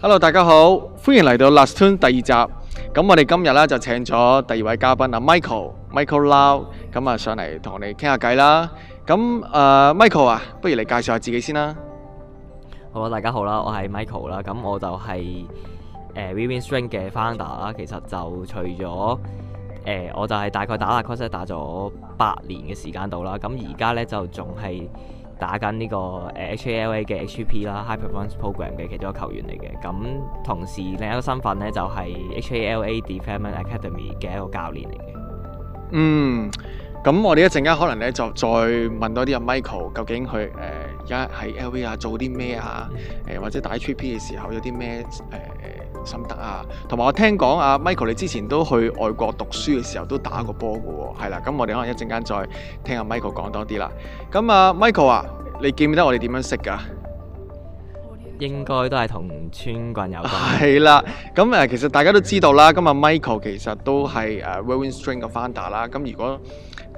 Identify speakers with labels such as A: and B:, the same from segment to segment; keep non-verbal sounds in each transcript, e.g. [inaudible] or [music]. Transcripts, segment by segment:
A: Hello，大家好，歡迎嚟到 Last Tune 第二集。咁我哋今日咧就請咗第二位嘉賓啊，Michael，Michael Lau，咁啊上嚟同我哋傾下偈啦。咁誒、呃、，Michael 啊，不如你介紹下自己先啦。
B: 好啦，大家好啦，我係 Michael 啦，咁我就係誒 Within Strength 嘅 Founder 啦。呃 Founder，其實就除咗誒、欸，我就係大概打下 course 打咗八年嘅時間到啦。咁而家咧就仲係打緊呢個誒 HALA 嘅 HP 啦，High Performance Program 嘅其中一個球員嚟嘅。咁同時另一個身份咧就係、是、HALA Development Academy 嘅一個教練嚟嘅。
A: 嗯，咁我哋一陣間可能咧就再問多啲阿 Michael，究竟佢誒而、呃、家喺 LV 啊做啲咩啊？誒、啊呃、或者打 HP 嘅時候有啲咩誒？呃心得啊，同埋我聽講啊，Michael 你之前都去外國讀書嘅時候都打過波嘅喎，係啦，咁我哋可能一陣間再聽阿、啊、Michael 講多啲啦。咁啊，Michael 啊，你記唔記得我哋點樣識
B: 㗎？應該都係同村棍有關。
A: 係啦，咁誒、啊，其實大家都知道啦。咁啊，Michael 其實都係誒 Willow String 嘅 founder 啦。咁如果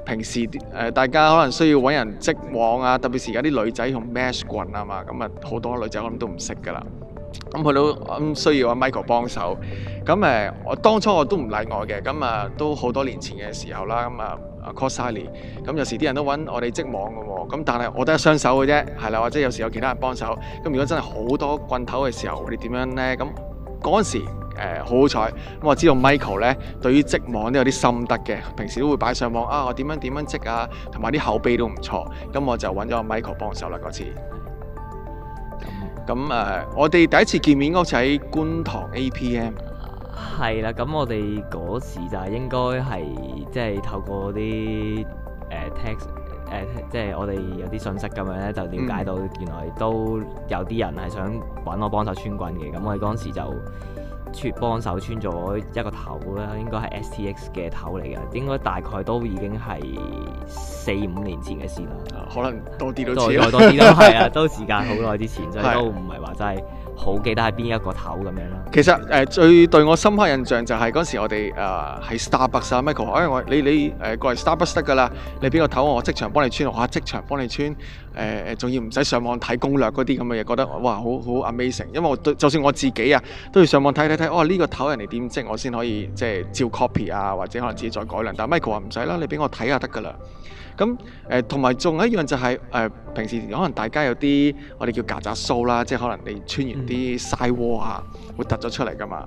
A: 平時誒、呃、大家可能需要揾人積網啊，特別是而家啲女仔用 mesh 棍啊嘛，咁啊好多女仔可能都唔識㗎啦。咁佢都需要阿 Michael 幫手，咁誒我當初我都唔例外嘅，咁啊都好多年前嘅時候啦，咁啊啊 Call Sally，咁有時啲人都揾我哋織網嘅喎，咁但係我得一雙手嘅啫，係啦，或者有時有其他人幫手，咁如果真係好多棍頭嘅時候，我哋點樣呢？咁嗰陣時好好彩，咁、呃、我知道 Michael 呢對於織網都有啲心得嘅，平時都會擺上網啊，我點樣點樣織啊，同埋啲口碑都唔錯，咁我就揾咗阿 Michael 幫手啦嗰次。咁誒、嗯，我哋第一次見面嗰次喺
B: 觀塘 APM，係啦。咁我哋嗰時就應該係即係透過啲誒、呃、text，誒、呃、即係我哋有啲信息咁樣咧，就了解到原來都有啲人係想揾我幫手穿棍嘅。咁我哋嗰陣時就。幫穿幫手穿咗一個頭啦，應該係 STX 嘅頭嚟嘅，應該大概都已經係四五年前嘅事啦，可能多啲都多了多，多啲都係啊， [laughs] 都時間好耐之前，所以都唔係話真係。好記得係邊一個頭咁樣
A: 咯。其實誒、呃、最對我深刻印象就係、是、嗰時我哋誒喺、呃、Starbucks 啊 Michael，哎我你你誒過嚟 Starbucks 得㗎啦。你邊個、呃、頭我即場幫你穿，我即場幫你穿誒誒，仲、呃、要唔使上網睇攻略嗰啲咁嘅嘢，覺得哇好好 amazing。Amazing, 因為我都就算我自己啊都要上網睇睇睇，哦，呢、呢個頭人哋點即我先可以即係照 copy 啊，或者可能自己再改良。但 Michael 話唔使啦，你俾我睇下得㗎啦。咁誒，同埋仲有一樣就係誒，平時可能大家有啲我哋叫曱甴鬚啦，即係可能你穿完啲沙窩啊，會突咗出嚟㗎嘛。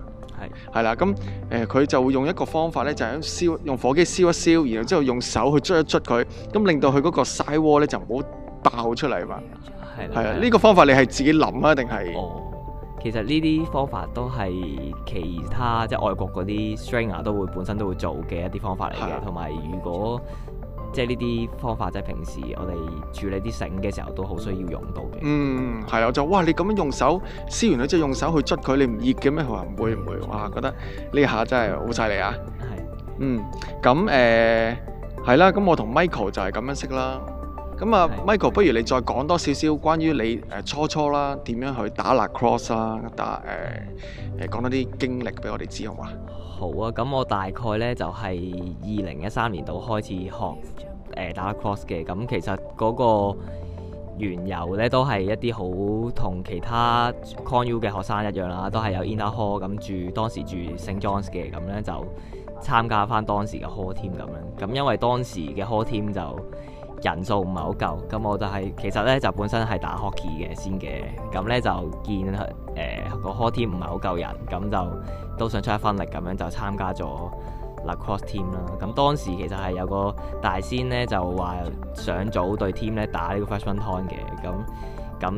A: 係係啦，咁誒佢就會用一個方法咧，就係咁燒，用火機燒一燒，然後之後用手去捽一捽佢，咁令到佢嗰個沙窩咧就唔好爆出嚟嘛。係係啊，呢
B: 個方法你係自己諗啊，定係？哦，其實呢啲方法都係其他即係外國嗰啲 stringer 都會本身都會做嘅一啲方法嚟嘅，同埋如果。即係呢啲方法，即係平時我哋處理啲繩嘅時候，都好需要用到嘅。嗯，係啊，就哇！你咁樣用手撕完佢，即係用手去捽佢，你
A: 唔熱嘅咩？佢話會唔、嗯、會哇？覺得呢下真係好犀利啊！係。嗯，咁誒係啦，咁、嗯呃、我同 Michael 就係咁樣識啦。咁啊，Michael，不如你再講多少少關於你誒、呃、初初啦，點樣去打 lacrosse 啦，打誒誒講多啲經歷俾我哋知好嘛。
B: 好啊，咁我大概呢就係二零一三年度開始學誒打、呃、cross 嘅，咁、嗯、其實嗰個緣由呢都係一啲好同其他 Con U 嘅學生一樣啦、啊，都係有 Ina Hall 咁住當時住 St. John's 嘅，咁呢就參加返當時嘅 Hall team 咁啦，咁因為當時嘅 Hall team 就。人數唔係好夠，咁我就係、是、其實咧就本身係打 hockey 嘅先嘅，咁咧就見誒個 hockey 唔係好夠人，咁就都想出一分力，咁樣就參加咗 lacrosse team 啦。咁當時其實係有個大仙咧就話想組隊 team 咧打呢 freshman con 嘅，咁咁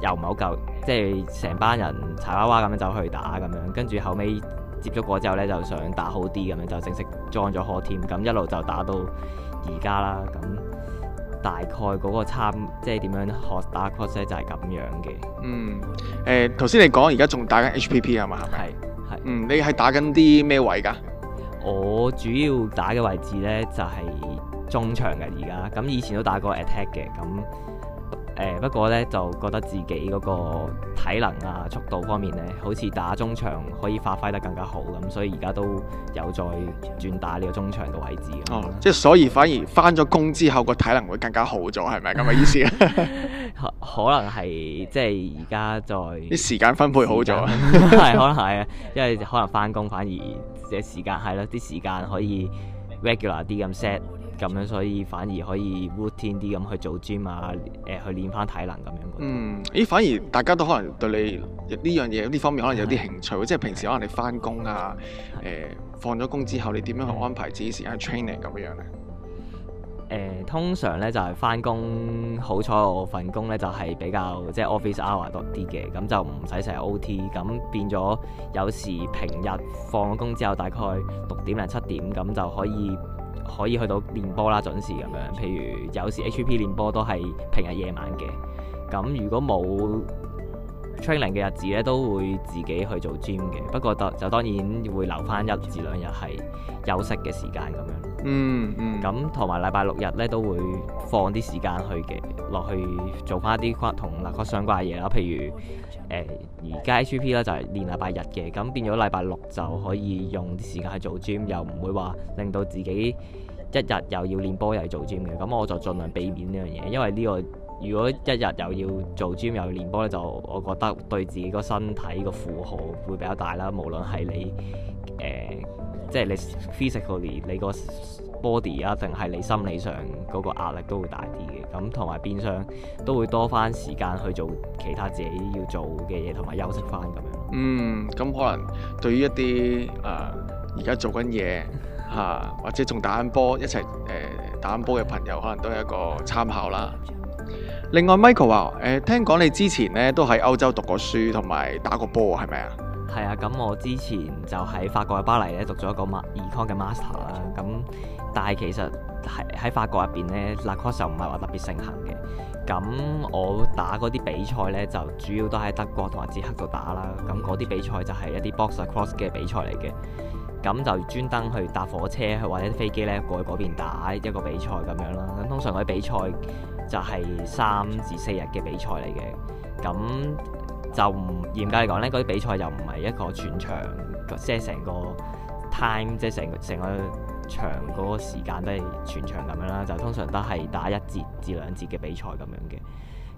B: 又唔係好夠，即係成班人柴娃娃咁樣走去打咁樣，跟住後尾接觸過之後咧就想打好啲咁樣就正式裝咗 hockey team，咁一路就打到而家啦，咁。大概嗰個參即係點樣學打 cross 咧，就係咁樣嘅。
A: 嗯，誒頭先你講而家仲打緊
B: HPP 係嘛？係係。嗯，你係打緊啲咩位噶？我主要打嘅位置咧就係、是、中場嘅而家。咁以前都打過 attack 嘅咁。誒、欸，不過咧就覺得自己嗰個體能啊、速度方面咧，好似打中場可以發揮得更加好咁，所以而家都有再轉打呢個中場嘅位置。哦，即係所以反而翻咗工之後，個體能會更加好咗，係咪咁嘅意思？ [laughs] 可能係即係而家再啲時
A: 間分配好咗，
B: 係間 [laughs] 可能係啊，因為可能翻工反而嘅時間係咯，啲時間可以 regular 啲咁 set。咁樣，所以反而可以 work out 啲咁去做 gym 啊，誒、呃，去練翻體能咁樣，
A: 樣。嗯，
B: 咦，反而大家都可能對你呢、嗯、樣嘢，呢、嗯、方面可能有啲興
A: 趣。嗯、即係平時可能你翻工啊，誒、嗯呃，放咗工之後，你點樣去安排自己時間 training 咁、嗯、樣咧？
B: 誒、呃，通常咧就係翻工，好彩我份工咧就係、是、比較即係 office hour 多啲嘅，咁就唔使成日 O T，咁變咗有時平日放咗工之後，大概六點零七點咁就可以。可以去到練波啦，準時咁樣。譬如有時 HP 練波都係平日夜晚嘅。咁如果冇 training 嘅日子咧，都會自己去做 gym 嘅。不過就就當然會留返一至兩日係休息嘅時間咁樣。嗯嗯，咁同埋禮拜六日咧都會放啲時間去嘅，落去做翻啲同嗱曲相關嘅嘢啦。譬如誒而家 HP 啦就係練禮拜日嘅，咁變咗禮拜六就可以用啲時間去做 gym，又唔會話令到自己一日又要練波又要做 gym 嘅。咁我就儘量避免呢樣嘢，因為呢個如果一日又要做 gym 又要練波咧，就我覺得對自己個身體個負荷會比較大啦。無論係你誒。呃即係你 physically 連你個 body 啊，定係你心理上嗰個壓力都會大啲嘅，咁同埋變相，都會多翻時間去做其他自己要做嘅嘢，同埋休息翻咁樣。嗯，
A: 咁可能對於一啲誒而家做緊嘢吓，或者仲打緊波一齊誒、呃、打緊波嘅朋友，可能都係一個參考啦。另外，Michael 話，誒、呃，聽講你之前咧都喺歐洲讀過書，同埋打過波，係咪啊？
B: 係啊，咁我之前就喺法國嘅巴黎咧讀咗一個 Econ 嘅 master 啦。咁但係其實喺喺法國入邊咧，lacrosse 唔係話特別盛行嘅。咁我打嗰啲比賽咧，就主要都喺德國同埋捷克度打啦。咁嗰啲比賽就係一啲 box lacrosse 嘅比賽嚟嘅。咁就專登去搭火車或者飛機咧，過去嗰邊打一個比賽咁樣啦。咁通常嗰啲比賽就係三至四日嘅比賽嚟嘅。咁就唔嚴格嚟講咧，嗰啲比賽又唔係一個全場，即係成個 time，即係成個成個場嗰個時間都係全場咁樣啦，就通常都係打一節至兩節嘅比賽咁樣嘅。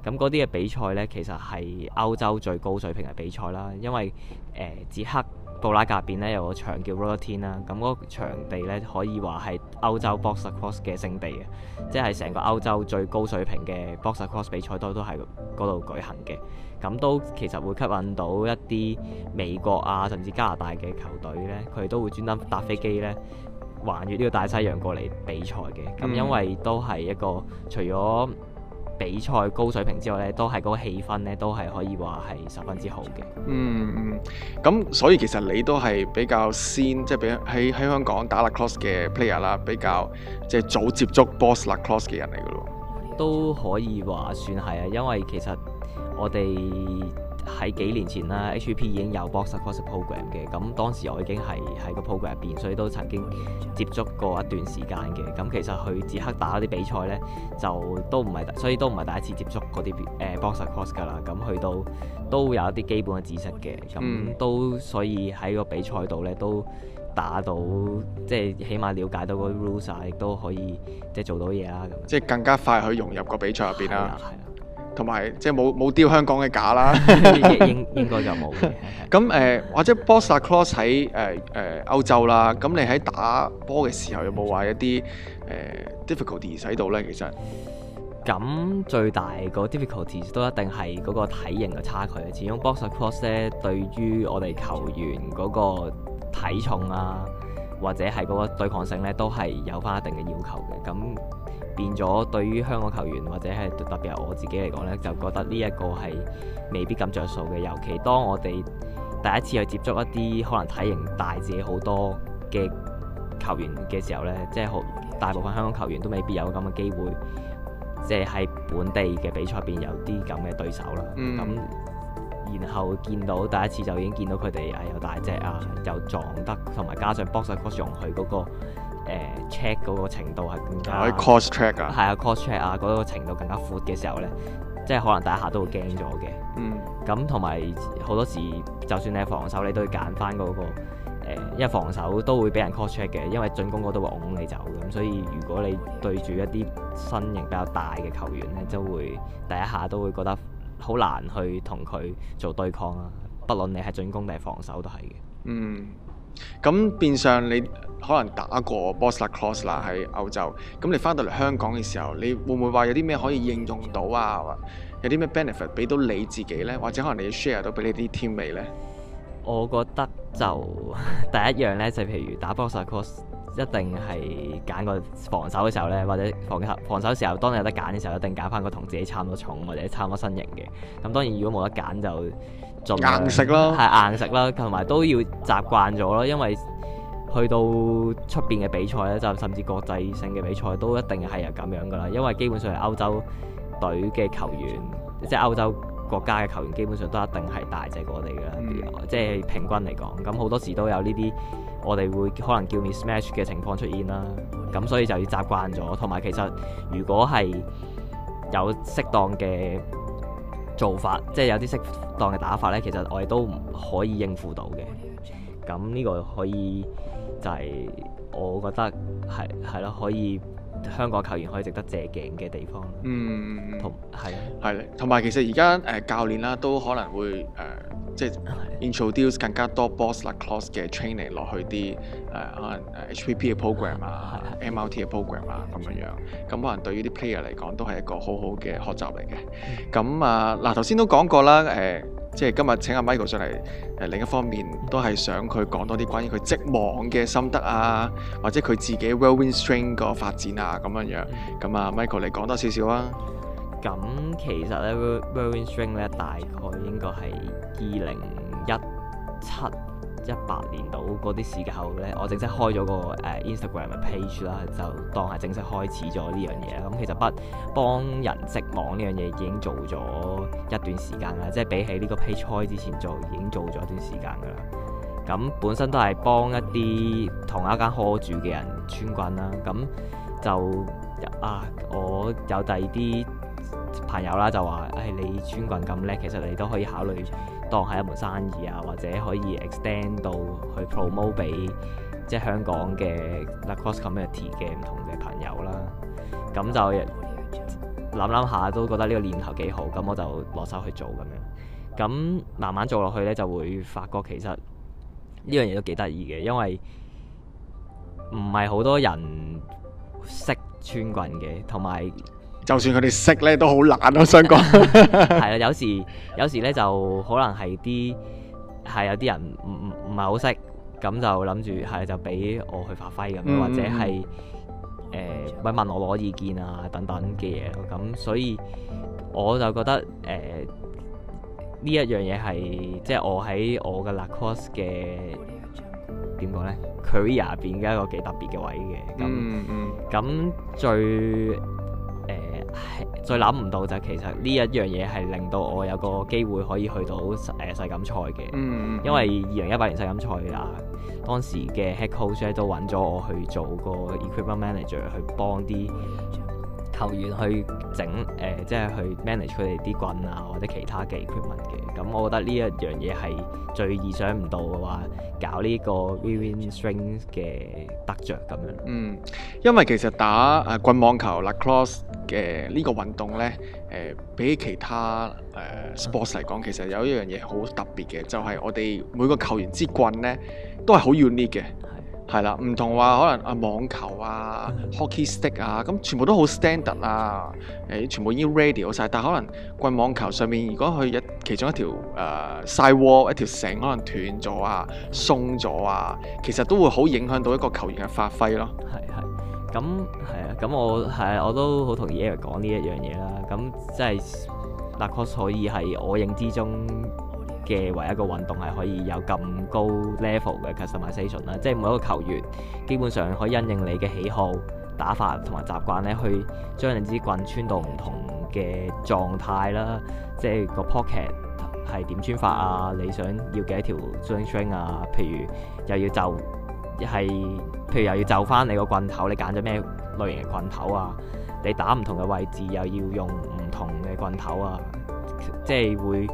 B: 咁嗰啲嘅比賽呢，其實係歐洲最高水平嘅比賽啦。因為誒捷克布拉格入邊呢，有個場叫 Rotating 啦、啊，咁、那、嗰個場地呢，可以話係歐洲 Boxer Cross 嘅聖地嘅，即係成個歐洲最高水平嘅 Boxer Cross 比賽都都係嗰度舉行嘅。咁都其實會吸引到一啲美國啊，甚至加拿大嘅球隊呢，佢哋都會專登搭飛機呢，橫越呢個大西洋過嚟比賽嘅。咁因為都係一個除咗比賽高水平之外咧，都係嗰個氣氛咧，都係可以話係十分之好嘅。嗯
A: 嗯，咁所以其實你都係比較先，即係比喺喺香港打 lacrosse 嘅 player 啦，比較即係早接觸 boss lacrosse 嘅人嚟嘅咯。
B: 都可以話算係啊，因為其實我哋。喺幾年前啦，HP 已經有 Boxercise program 嘅，咁當時我已經係喺個 program 入邊，所以都曾經接觸過一段時間嘅。咁其實佢即刻打啲比賽咧，就都唔係，所以都唔係第一次接觸嗰啲誒 Boxercise 噶啦。咁去到都有一啲基本嘅知識嘅，咁、嗯、都所以喺個比賽度咧都打到，即係起碼了解到個 rules 亦都可以即係做到嘢啦。咁即係更加快去融入個比賽入邊啦。
A: 同埋即係冇冇丟香港嘅架啦，應 [laughs] 應該就冇。咁 [laughs] 誒、 [laughs] 呃、或者 Boxer Cross 喺誒誒歐洲啦，咁你喺打波嘅時候有冇話
B: 一啲誒、呃、difficulties 喺度咧？其實咁最大個 difficulties 都一定係嗰個體型嘅差距。始終 Boxer Cross 咧對於我哋球員嗰個體重啊，或者係嗰個對抗性咧都係有返一定嘅要求嘅。咁變咗對於香港球員或者係特別係我自己嚟講呢，就覺得呢一個係未必咁着數嘅。尤其當我哋第一次去接觸一啲可能體型大隻好多嘅球員嘅時候呢，即係好大部分香港球員都未必有咁嘅機會，即係喺本地嘅比賽邊有啲咁嘅對手啦。咁、嗯、然後見到第一次就已經見到佢哋啊，又大隻啊，又撞得，同埋加上 Boxer 哥用佢嗰個。誒 check 嗰個程度係更加，係啊，cross check 啊，嗰、那個程度更加闊嘅時候咧，即係可能第一下都會驚咗嘅。嗯，咁同埋好多時，就算你係防守，你都要揀翻嗰個、呃、因為防守都會俾人 cross check 嘅，因為進攻嗰度會㧬你走咁，所以如果你對住一啲身形比較大嘅球員咧，就會第一下都會覺得好難去同佢做對抗啊！不論你係進攻定係防守都係嘅。嗯。咁變相你可能打過 Boys Like Girls
A: 啦喺歐洲，咁你返到嚟香港嘅時候，你會唔會話有啲咩可以應用到啊？或有啲咩 benefit 俾到你自己呢？或者可能你要 share 到俾你啲 team 嚟呢？我
B: 覺得就第一樣呢，就譬如打 boxercise，一定係揀個防守嘅時候呢，或者防守防守、時候，當你有得揀嘅時候，一定揀翻個同自己差唔多重或者差唔多身形嘅。咁當然如果冇得揀就做硬食咯，係硬食咯，同埋都要習慣咗咯，因為去到出邊嘅比賽呢，就甚至國際性嘅比賽都一定係啊，咁樣噶啦，因為基本上係歐洲隊嘅球員，即係歐洲。國家嘅球員基本上都一定係大隻過我哋㗎喇，即係平均嚟講，咁好多時都有呢啲我哋會可能叫 mismatch 嘅情況出現啦。咁所以就要習慣咗，同埋其實如果係有適當嘅做法，即係有啲適當嘅打法呢，其實我哋都可以應付到嘅。咁呢個可以就係我覺得係係咯，可以。香港球員可以值得借鏡嘅地方，嗯，同係
A: 啊，係，同埋其實而家誒教練啦、啊，都可能會誒。呃即係 introduce 更加多 boss l class 嘅 training 落去啲誒、呃、可能 HPP 嘅 program 啊、MRT 嘅 program 啊咁樣樣，咁可能對於啲 player 嚟講都係一個好好嘅學習嚟嘅。咁啊嗱，頭、呃、先、呃、都講過啦，誒、呃，即係今日請阿 Michael 上嚟，誒、呃、另一方面都係想佢講多啲關於佢職網嘅心得啊，或者佢自己 Wellwin String 個發展啊咁樣樣。咁啊、呃，Michael 你講多少少啊？咁其
B: 實咧，Rowing String 咧大概應該係二零一七、一八年度嗰啲時候咧，我正式開咗、個誒、uh, Instagram 嘅 page 啦，就當係正式開始咗呢樣嘢。咁其實不幫人織網呢樣嘢已經做咗一段時間啦，即係比起呢個 page 開之前做已經做咗一段時間噶啦。咁本身都係幫一啲同一間 hall 住嘅人穿棍啦，咁就啊，我有第二啲，朋友啦就話，係、哎、你穿棍咁叻，其實你都可以考慮當係一門生意啊，或者可以 extend 到去 promote 俾即係香港嘅 lacrosse community 嘅唔同嘅朋友啦。咁就諗諗下，都覺得呢個念頭幾好，咁我就落手去做咁樣。咁慢慢做落去呢，就會發覺其實呢樣嘢都幾得意嘅，因為唔係好多人識穿棍嘅，同埋。
A: 就算佢哋識咧，都好難咯。想講
B: 係啊，有時有時咧，就可能係啲係有啲人唔唔唔係好識，咁就諗住係就俾我去發揮咁，或者係誒咪問我攞意見啊等等嘅嘢。咁所以我就覺得誒呢一樣嘢係即係我喺我嘅 Lacoste 嘅點講咧，career 入邊嘅一個幾特別嘅位嘅。咁咁最係再諗唔到，就其實呢一樣嘢係令到我有個機會可以去到誒世錦賽嘅，呃嗯嗯、因為二零一八年世錦賽啊，當時嘅 head coach 都揾咗我去做個 equipment manager 去幫啲。球員去整誒、呃，即係去 manage 佢哋啲棍啊，或者其他嘅 equipment 嘅。咁我覺得呢一樣嘢係最意想唔到嘅話，搞呢個 v i v i n g strings 嘅得着咁樣。嗯，
A: 因為其實打誒棍網球、la、嗯、crosse 嘅呢個運動咧，誒、呃、比起其他誒、呃、sports 嚟講、嗯，其實有一樣嘢好特別嘅，就係、是、我哋每個球員之棍咧都係好 unique 嘅。係啦，唔同話、啊、可能啊網球啊、mm hmm. hockey stick 啊，咁、嗯、全部都好 standard 啊，誒、哎、全部已經 ready 晒。但可能棍網球上面如果佢一其中一條誒 sidewall 一條繩可能斷咗
B: 啊、鬆咗啊，其實都會好影響到一個球員嘅發揮咯。係係，咁係啊，咁我係我都好同意 Eric 講呢一樣嘢啦，咁即係 netball 可以係我認之中，嘅唯一一個運動係可以有咁高 level 嘅 customization 啦，即係每一個球員基本上可以因應你嘅喜好、打法同埋習慣咧，去將你支棍穿到唔同嘅狀態啦，即係個 pocket 係點穿法啊，你想要嘅一條 string 啊，譬如又要就係，譬如又要就翻你個棍頭，你揀咗咩類型嘅棍頭啊？你打唔同嘅位置又要用唔同嘅棍頭啊，即係會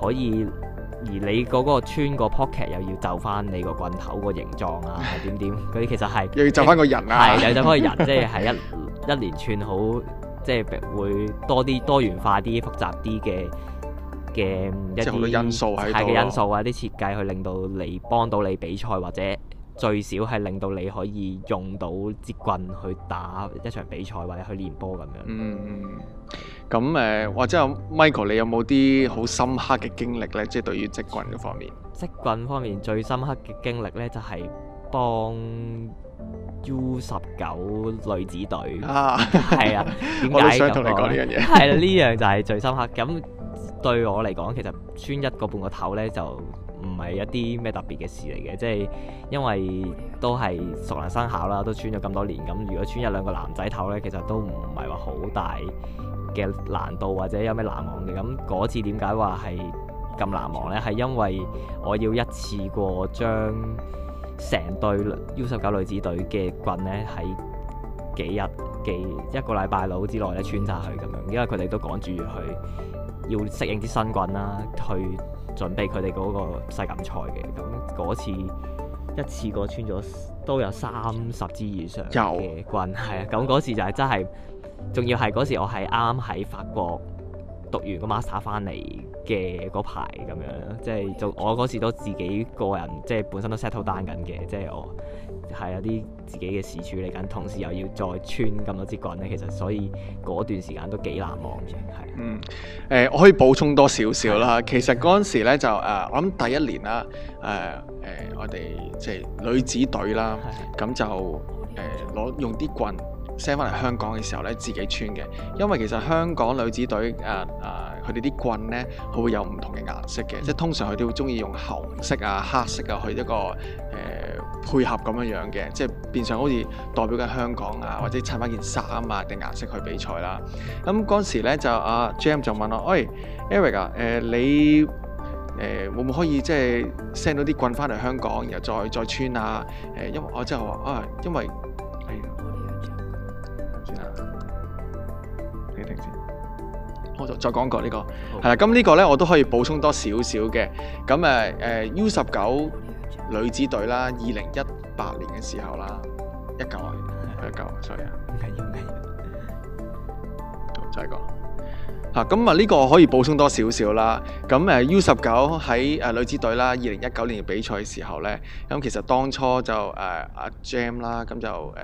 B: 可以。而你嗰個穿個 pocket 又要就翻你個棍頭個形狀啊點點，啲其實係 [laughs] 又要就翻個人啊，係又要就翻個人，即係 [laughs] 一一連串好即係、就是、會多啲多元化啲複雜啲嘅嘅一啲因，因素，係嘅因素啊啲設計去令到你幫到你比賽或者。最少係令到你可以用到接棍去打一場比賽或者去練波咁樣。嗯，咁誒、呃，或者
A: Michael，你有冇啲好深刻嘅經歷呢？即係對於接棍嗰方面，
B: 接棍方面最深刻嘅經歷呢，就係、是、幫 U 十九女子隊啊，係啊了， [laughs] 點解我想同你講呢樣嘢，係啦，呢樣就係最深刻。咁對我嚟講，其實穿一個半個頭呢，就。唔係一啲咩特別嘅事嚟嘅，即係因為都係熟能生巧啦，都穿咗咁多年咁。如果穿一兩個男仔頭呢，其實都唔係話好大嘅難度，或者有咩難忘嘅。咁嗰次點解話係咁難忘呢？係因為我要一次過將成隊 U 十九女子隊嘅棍呢，喺幾日幾一個禮拜度之內咧穿晒去咁樣，因為佢哋都趕住去要適應啲新棍啦，去。準備佢哋嗰個世錦賽嘅，咁嗰次一次過穿咗都有三十支以上嘅棍，係啊，咁嗰時就係真係，仲要係嗰時我係啱啱喺法國讀完個 master 翻嚟嘅嗰排咁樣，即係就我嗰時都自己個人即係本身都 settle down 緊嘅，即係我。係有啲自己嘅事處理緊，同時又要再穿咁多支棍咧，其實所以嗰段時間都幾難忘嘅，係。嗯，
A: 誒、呃，我可以補充多少少啦。的其實嗰陣時咧就誒、呃，我諗第一年啦，誒、呃、誒、呃，我哋即係女子隊啦，咁、呃、就誒攞的、呃、用啲棍 send 返嚟香港嘅時候咧，自己穿嘅。因為其實香港女子隊誒誒，佢哋啲棍咧，佢會有唔同嘅顏色嘅，嗯、即係通常佢哋會鍾意用紅色啊、黑色啊去一個誒，呃呃配合咁樣樣嘅，即係變相好似代表緊香港啊，或者襯翻件衫啊定顏色去比賽啦。咁、啊、嗰時咧就阿 j e m 就問我：喂 Eric 啊，誒、呃、你誒、呃、會唔會可以即係 send 到啲棍翻嚟香港，然後再再穿啊？誒、呃，因為我之後話啊，因為、 [noise] 哎、呀我呢樣做，唔知、這個、的啊，你停先。我再再講過呢個，係啊，咁呢個咧我都可以補充多少少嘅。咁誒誒 U 十九。女子隊啦，二零一八年嘅時候啦，一九年，一九所以啊，就、這、再講吓咁啊，呢個可以補充多少少啦。咁誒，U 十九喺誒女子隊啦，二零一九年嘅比賽嘅時候咧，咁其實當初就誒阿、啊、Jam 啦，咁就誒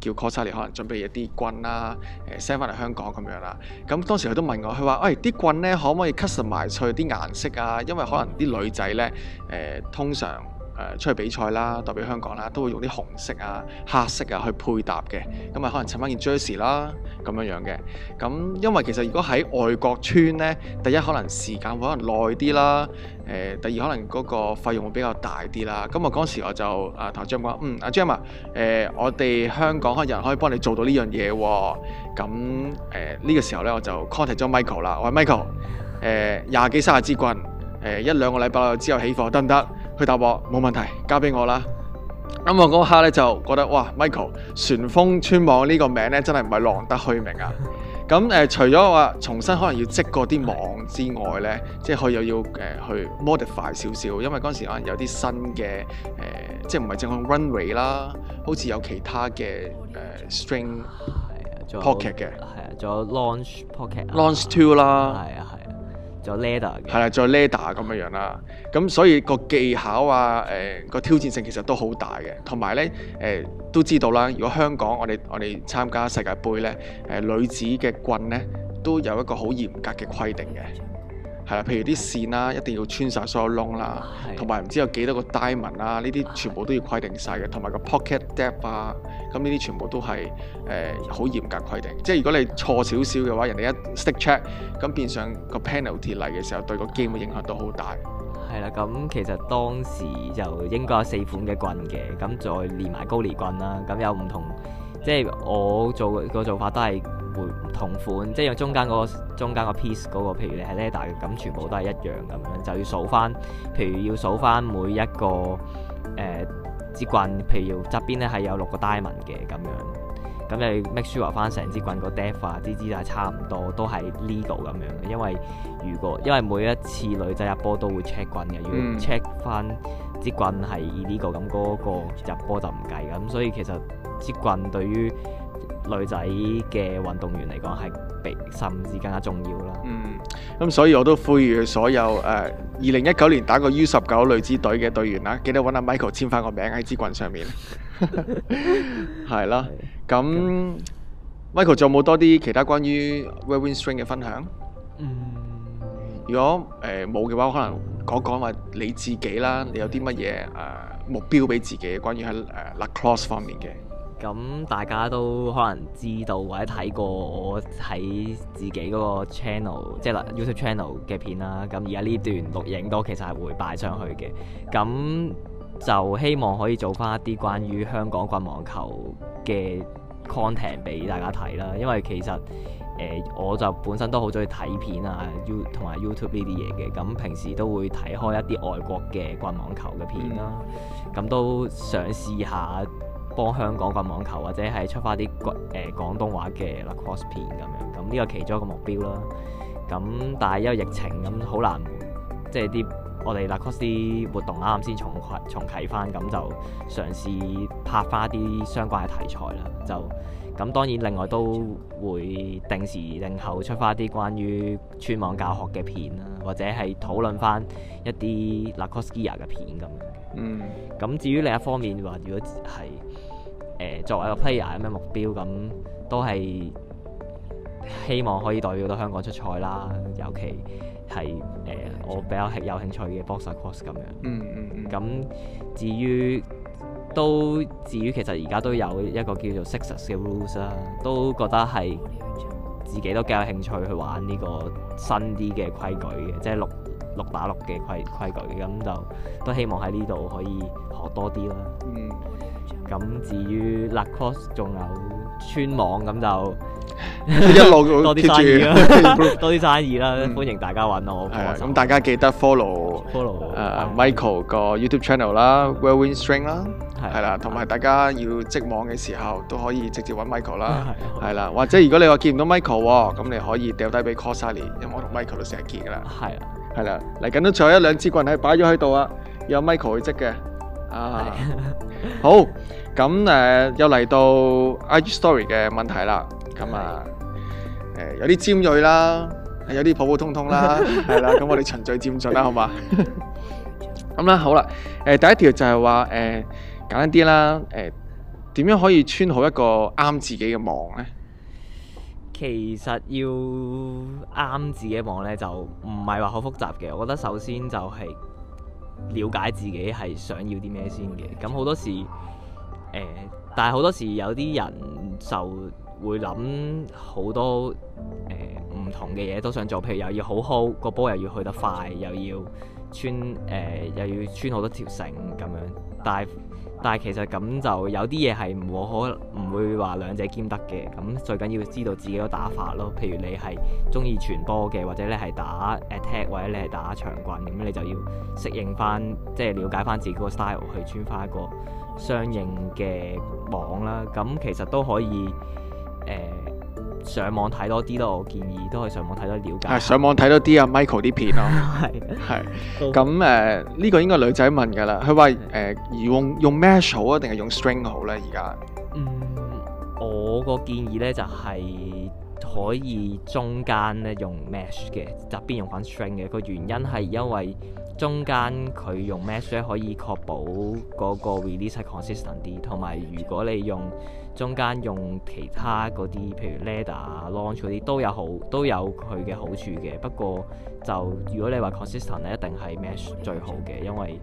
A: 叫 Costa 嚟，可能準備一啲棍啦，誒 send 翻嚟香港咁樣啦。咁當時佢都問我，佢話喂啲棍咧可唔可以 customize 啲顏色啊？因為可能啲女仔咧誒、呃、通常。誒出去比賽啦，代表香港啦，都會用啲紅色啊、黑色啊去配搭嘅，咁啊可能襯翻件 jersey 啦咁樣樣嘅。咁因為其實如果喺外國穿呢，第一可能時間會、呃、可能耐啲啦，誒第二可能嗰個費用會比較大啲啦。咁啊嗰時我就啊同阿 Jama 話，嗯阿 Jama 誒我哋香港可能有人可以幫你做到呢樣嘢喎。咁誒呢個時候呢，我就 contact 咗 Michael 啦，我話 Michael 誒、呃、廿幾三十支棍，誒、呃、一兩個禮拜之後起貨得唔得？行佢答我冇問題，交俾我啦。咁我嗰刻咧就覺得哇，Michael 旋風穿網呢個名咧真係唔係浪得虛名啊！咁誒，除咗話重新可能要織過啲網之外咧，即係佢又要誒去 modify 少少，因為嗰陣時可能有啲新嘅誒，即係唔係凈係用 runway 啦，好似有其他嘅誒
B: string，係啊，仲有 pocket 嘅，係啊，仲有 launch pocket，launch
A: two 啦，係啊。有 leather 係啦，做 leather 咁嘅樣啦，咁所以個技巧啊，誒、呃，個挑戰性其實都好大嘅，同埋咧，誒、呃，都知道啦，如果香港我哋我哋參加世界杯咧，誒、呃，女子嘅棍咧，都有一個好嚴格嘅規定嘅。係啦、啊，譬如啲線啦、啊，一定要穿晒所有窿啦、啊，同埋唔知有幾多個 diamond 啦，呢啲全部都要規定晒嘅，同埋個 pocket depth 啊，咁呢啲全部都係誒好嚴格規定。即係如果你錯少少嘅話，人哋一 stick check，咁變相
B: 個 penalty 跌嚟嘅時候，對個 game 嘅影響都好大。係啦、啊，咁其實當時就應該有四款嘅棍嘅，咁再連埋高尼棍啦，咁有唔同。即係我做、嗰個做法都係。會唔同款，即係用中間嗰、那個中間個 piece 嗰個，譬如你係 leader 咁，全部都係一樣咁樣，就要數翻，譬如要數翻每一個誒、呃、支棍，譬如要側邊咧係有六個 diamond 嘅咁樣，咁你 make sure 話翻成支棍個 depth 啊，啲子彈差唔多都係 legal 咁樣嘅，因為如果因為每一次女仔入波都會 check 棍嘅，要 check 翻、嗯、支棍係 illegal 咁，嗰個入波就唔計咁，所以其實支棍對於，女仔嘅運動員嚟講係比甚至更加重要啦。嗯，
A: 咁所以我都呼籲所有誒二零一九年打過 U 十九女子隊嘅隊員啦，記得揾阿 Michael 簽返個名喺支棍上面。係啦，咁 Michael 仲有冇多啲其他關於 Waving String 嘅分享？嗯，如果誒冇嘅話，可能講講話你自己啦，你有啲乜嘢誒目標俾自己？關於喺誒 Lacrosse 方面嘅。
B: 咁大家都可能知道或者睇過我喺自己嗰個 channel，即係 YouTube channel 嘅片啦。咁而家呢段錄影都其實係會擺上去嘅。咁就希望可以做翻一啲關於香港棍網球嘅 content 俾大家睇啦。因為其實誒、呃、我就本身都好中意睇片啊，U 同埋 YouTube 呢啲嘢嘅。咁平時都會睇開一啲外國嘅棍網球嘅片啦。咁都想試下。幫香港個網球，或者係出翻啲廣誒廣東話嘅 Lacrosse 片咁樣。咁呢個其中一個目標啦。咁但係因為疫情咁好難，即係啲我哋 Lacrosse 活動啱先重重啟翻，咁就嘗試拍翻啲相關嘅題材啦。就咁當然另外都會定時定候出翻啲關於穿網教學嘅片啦，或者係討論翻一啲 Lacrosse gear 嘅片咁。嗯。咁至於另一方面話，如果係誒作為一個 player 有咩目標咁，都係希望可以代表到香港出賽啦。尤其係誒、呃、 [music] 我比較興有興趣嘅 boxer cross 咁樣。嗯嗯嗯。咁 [music] 至於都至於其實而家都有一個叫做 s i x i s t rules 啦，都覺得係自己都幾有興趣去玩呢個新啲嘅規矩嘅，即係六。六打六嘅規規矩咁就都希望喺呢度可以學多啲啦。嗯，咁至於拉 cross 仲有穿網咁就一路多啲生意多啲生意啦，歡迎大家揾我。係，
A: 咁大家記得 follow follow 誒 Michael 個 YouTube channel 啦，Well Win String 啦，係啦，同埋大家要織網嘅時候都可以直接揾 Michael 啦，係啦，或者如果你話見唔到 Michael 喎，咁你可以掉低俾 Call Sally，因為我同 Michael 都成日見噶啦，係啊。係啦，嚟緊都仲有一兩支棍係擺咗喺度啊，有 Michael 去織嘅，啊，好，咁誒又嚟到 IG Story 嘅問題啦，咁啊，誒有啲尖銳啦，有啲普普通通啦，係啦，咁我哋循序漸進啦，好嘛？咁啦，好啦，誒第一條就係話，誒簡單啲啦，誒點樣可以穿好一個啱自己
B: 嘅網咧？其實要啱自己望呢，就唔係話好複雜嘅。我覺得首先就係了解自己係想要啲咩先嘅。咁好多時、呃，但係好多時有啲人就會諗好多、呃、唔同嘅嘢都想做，譬如又要好 hold 個波，又要去得快，又要穿誒、呃，又要穿好多條繩咁樣，但係。但係其實咁就有啲嘢係唔可唔會話兩者兼得嘅，咁最緊要知道自己個打法咯。譬如你係中意傳波嘅，或者你係打 attack，或者你係打長棍，咁你就要適應翻，即係了解翻自己個 style 去穿翻一個相應嘅網啦。咁其實都可以誒。呃上網睇多啲咯，我建議都可以上網睇多了解。係 [noise] 上網
A: 睇多啲啊，Michael 啲片咯。係係咁誒，呢、呃呢個應該女仔問㗎啦。佢話誒，用用 mesh
B: 好啊？定係用 string 好咧？而家嗯，我個建議咧就係可以中間咧用 mesh 嘅，側邊用翻 string 嘅。個原因係因為，中間佢用 mesh 咧可以確保個個 release 係 consistent 啲，同埋如果你用中間用其他嗰啲，譬如 leather 啊、launch 嗰啲都有好，都有佢嘅好處嘅。不過就如果你話 consistent 咧，一定係 mesh 最好嘅，因為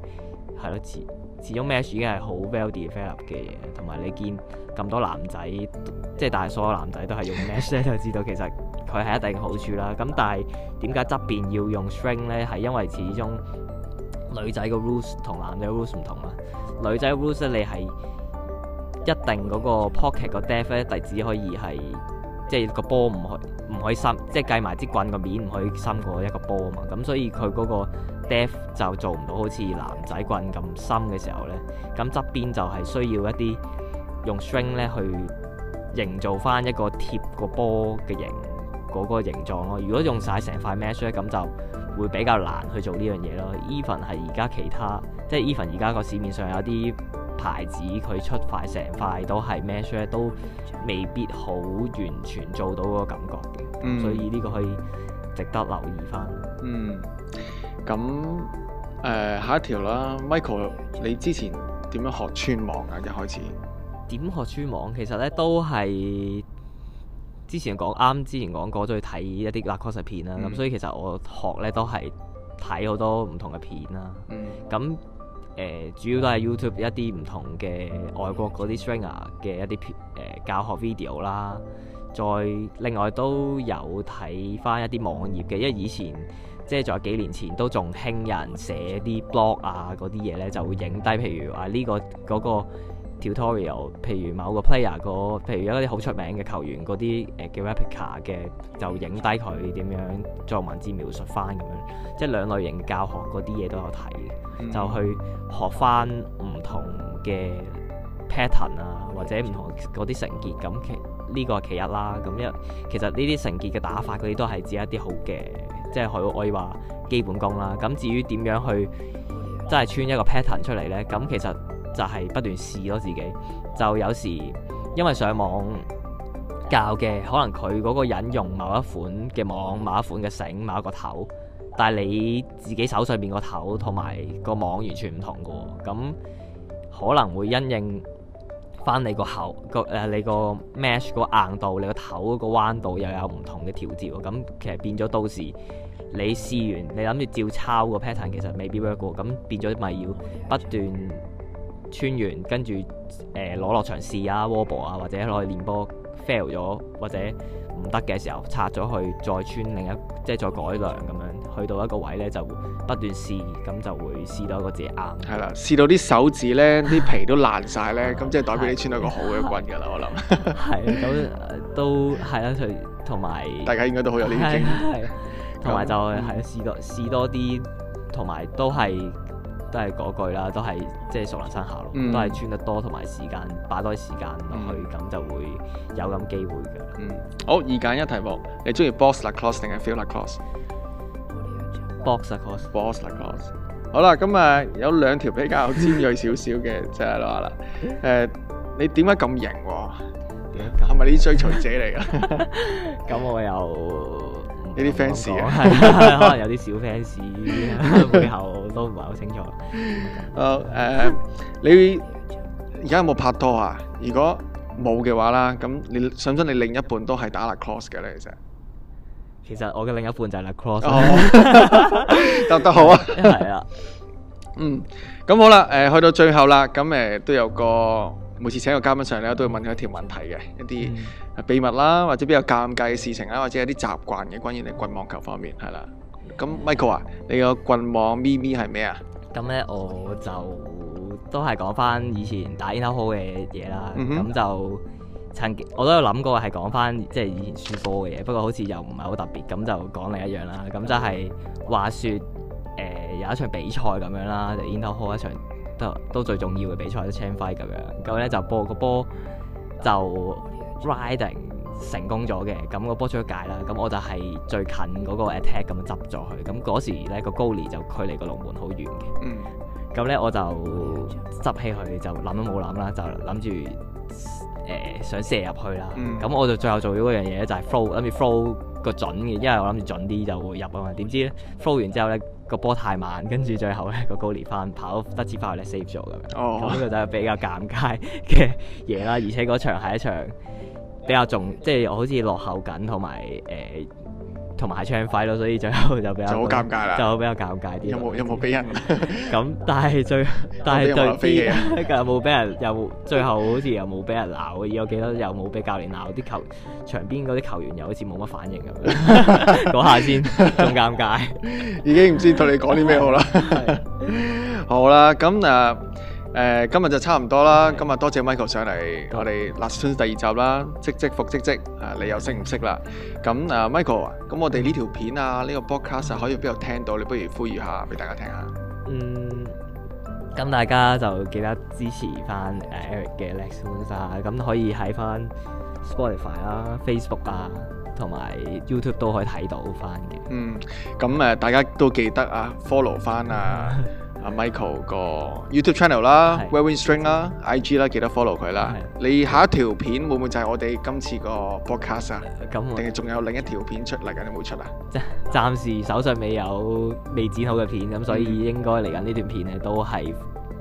B: 係咯，始始終 mesh 已經係好 value for money 嘅嘢。同埋你見咁多男仔，即係大係所有男仔都係用 mesh 就知道其實佢係一定好處啦。咁但係點解側邊要用 string 咧？係因為始終。女仔嘅 rules 同男仔 rules 唔同啊！女仔 rules 咧，你係一定嗰個 pocket 個 depth 一定只可以係即係個波唔可唔可以深，即係計埋支棍嘅面唔可以深過一個波啊嘛！咁所以佢嗰個 depth 就做唔到好似男仔棍咁深嘅時候呢。咁側邊就係需要一啲用 string 咧去營造返一個貼個波嘅形嗰個形狀咯。如果用晒成塊 mesh 咧，咁就～會比較難去做呢樣嘢咯。Even 係而家其他，即係 Even 而家個市面上有啲牌子，佢出塊成塊都係 match 都未必好完全做到嗰個感覺嘅。嗯，所以呢個可以值得留意翻。嗯，咁誒，呃，下一條啦，Michael，你之前點樣學穿網噶？一開始點學穿網？其實咧都係。之前講啱，之前講過都要睇一啲 lacrosse 片啦，咁、嗯、所以其實我學咧都係睇好多唔同嘅片啦。咁誒、嗯呃、主要都係 YouTube 一啲唔同嘅外國嗰啲 stringer 嘅一啲片，呃、教學 video 啦。再另外都有睇翻一啲網頁嘅，因為以前即係在幾年前都仲興人寫啲 blog 啊嗰啲嘢咧，就會影低譬如話呢個嗰個。那個 tutorial 譬如某個 player、嗰個，譬如一啲好出名嘅球員嗰啲，誒叫 r e p i c a 嘅，就影低佢點樣作文字描述翻咁樣，即係兩類型教學嗰啲嘢都有睇，嗯、就去學翻唔同嘅 pattern 啊，或者唔同嗰啲成結咁。呢、呢個係其一啦，咁因為其實呢啲成結嘅打法嗰啲都係指一啲好嘅，即係可以話基本功啦。咁至於點樣去真係穿一個 pattern 出嚟咧？咁其實。就係不斷試咯，自己就有時因為上網教嘅，可能佢嗰個人用某一款嘅網，某一款嘅繩，某一個頭，但係你自己手上邊個頭同埋個網完全唔同嘅喎，咁可能會因應翻你個頭個誒你個 mesh 嗰個硬度，你個頭嗰個彎度又有唔同嘅調節喎。咁其實變咗到時你試完，你諗住照抄個 pattern，其實未必 work 嘅。咁變咗咪要不斷。穿完跟住誒攞落場試啊，w 握波啊，或者攞去練波 fail 咗或者唔得嘅時候，拆咗去再穿另一，即係再改良咁樣，去到一個位咧就不斷試，咁就會試到一個自己啱。係啦，
A: 試到啲手指咧，啲皮都爛晒咧，咁、 [laughs] 嗯、即係代表你穿到一個好嘅棍噶啦，我諗。
B: 係，都都係啦，同同埋大家應該都好有呢啲經驗，同埋就係試多試多啲，同埋都係。都係嗰句啦，都係即係熟能生巧，嗯、都係穿得多同埋時間，擺多啲時間落去，咁、嗯、就會有咁機會嘅。嗯，好、oh, 二揀一題目，你中意 box lacrosse 定係 field lacrosse？box
A: lacrosse，box lacrosse。好啦，今日有兩條比較尖銳少少嘅，即係啦，誒、嗯，你點解咁型？係咪呢啲追
B: 隨者嚟噶？咁 [laughs] 我有呢啲 fans 啊， [laughs] [laughs] 可能有啲小 fans 背後。都唔係好清楚。誒誒，
A: 你而家有冇拍拖啊？如果冇嘅話啦，咁你想唔想你另一半都係打 lacrosse 嘅咧？其實，其實我嘅另一半就係 lacrosse，得得好啊。係啊。嗯，咁好啦，誒去到最後啦，咁誒都有個每次請個嘉賓上嚟，都會問佢一條問題嘅一啲秘密啦，或者比較尷尬嘅事情啦，或者有啲習慣嘅，關於你棍網球方面係啦。咁 Michael 啊，你個棍網咪咪係咩啊？
B: 咁咧我就都係講翻以前打 Intel Ho 嘅嘢啦。咁、嗯、哼就曾經我都有諗過係講翻即係以前輸波嘅嘢，不過好似又唔係好特別。咁就講另一樣啦。咁就係、是、話說誒、呃、有一場比賽咁樣啦，就 Intel Ho 一場都都最重要嘅比賽，都 c h a n fight 咁樣。咁咧就播、那個波就 riding。成功咗嘅，咁、個波出界啦，咁我就係最近嗰個 attack 咁執咗佢，咁嗰時咧、個 goalie 就距離個龍門好遠嘅，咁咧、嗯、我就執起佢就諗都冇諗啦，就諗住誒想射入去啦，咁、嗯、我就最後做咗嗰樣嘢就係 flow 諗住 flow 個準嘅，因為我諗住準啲就會入啊嘛，點知 flow 完之後咧、個波太慢，跟住最後咧、個 goalie 翻跑得之翻嚟 save 咗咁樣，咁呢個就係比較尷尬嘅嘢啦，而且嗰場係一場。比較重，即係好似落後緊，同埋誒，同埋唱廢咯，fight，所以最後就比較好尷尬啦，就比較尷尬啲。有冇有冇俾人咁？ [laughs] 但係最但係對啲又冇俾人有、啊，又 [laughs] 最後好似又冇俾人鬧，記得有幾多又冇俾教練鬧？啲球場邊嗰啲球員又好似冇乜反應咁樣，講 [laughs] [laughs] 下先，仲尷尬，
A: [laughs] 已經唔知同你講啲咩好啦，啊、
B: [laughs] 是好啦，咁嗱。
A: 誒今日就差唔多啦，今日多謝 Michael 上嚟，嗯、我哋《Latin》第二集啦，即即復即即，啊你又識唔識啦？咁啊 Michael 啊，咁我哋呢條片啊，呢個 broadcast、啊、可以邊度聽到？你不如呼籲下俾大家聽下。嗯，
B: 咁大家就記得支持翻誒 Eric 嘅《Latin》啊，咁可以喺翻 Spotify 啦、Facebook 啊，同埋 YouTube 都可以睇到翻嘅。嗯，咁
A: 誒大家都記得啊，follow 翻啊。Michael 個 YouTube channel 啦、Weaving String 啦、IG 啦，記得 follow 佢啦。你下一條片會唔會就係我哋今次個 Podcast 啊？咁定係仲有另一條片出嚟緊？咁你冇出啊？
B: 暫時手上未有未剪好嘅片，咁所以應該嚟緊呢段片咧都係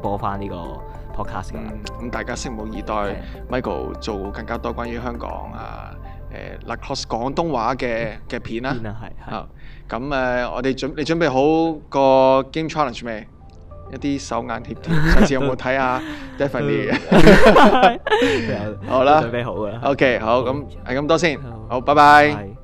B: 播翻呢個 Podcast。咁大家拭目以待，Michael 做更加多關於香港啊、
A: lacrosse 廣東話嘅嘅片啦。係啊，咁誒，我哋準你準備好個 Game Challenge 未？一啲手眼協調，上次有冇睇下《Definitely》？好啦，準備好啦。OK，好咁，
B: 係咁多先，
A: 好，拜拜。